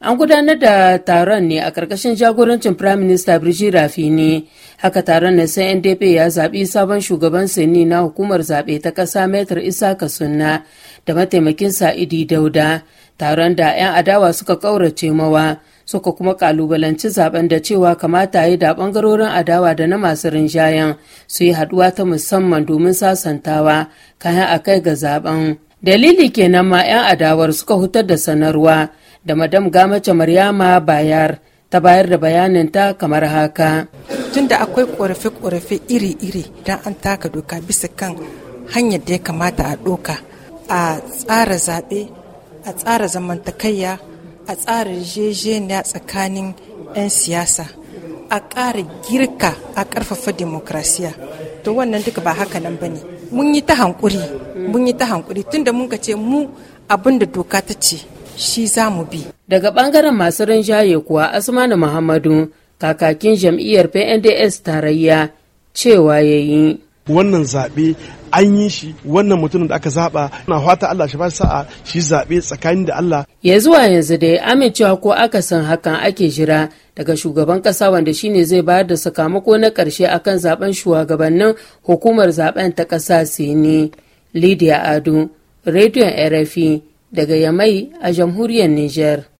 An gudanar da taron ne a ƙarƙashin jagorancin Prime Minister Birji Rafini. Haka taron na sai NDP ya zaɓi sabon shugaban Sani na hukumar zaɓe ta ƙasa Metar Isaka Sunna da mataimakin Sa'idi Dauda. Taron da 'yan adawa suka ƙaurace mawa suka kuma ƙalubalanci zaɓen da cewa kamata yi da ɓangarorin adawa da na masu rinjayen su yi haɗuwa ta musamman domin sasantawa kayan a kai ga zaɓen. Dalili kenan ma 'yan adawar suka hutar da sanarwa da madam gamace maryama bayar ta bayar da ta kamar haka tunda akwai ƙorafe-ƙorafe iri-iri don an taka doka bisa kan hanyar da ya kamata a doka a tsara zaɓe a tsara zamantakayya a tsara jejeniya tsakanin 'yan siyasa a ƙara girka a ƙarfafa demokrasiya to wannan duka ba haka nan ba ne mun yi ta hankuri mun yi tunda mun ka ce mu abin da doka ta ce shi za bi. Daga bangaren masu rinjaye kuwa Asmanu Muhammadu kakakin jam'iyyar PNDS tarayya cewa ya yi. Wannan zaɓe an yi shi wannan mutumin da aka zaɓa na fata Allah shi sa'a shi zaɓe tsakanin da Allah. Ya zuwa yanzu dai amincewa ko aka san hakan ake jira daga shugaban ƙasa wanda shine zai bayar da sakamako na ƙarshe akan zaben shugabannin hukumar zaben ta ƙasa sini Lydia adu Rediyon RFI, daga Yamai a jamhuriyar Nijar.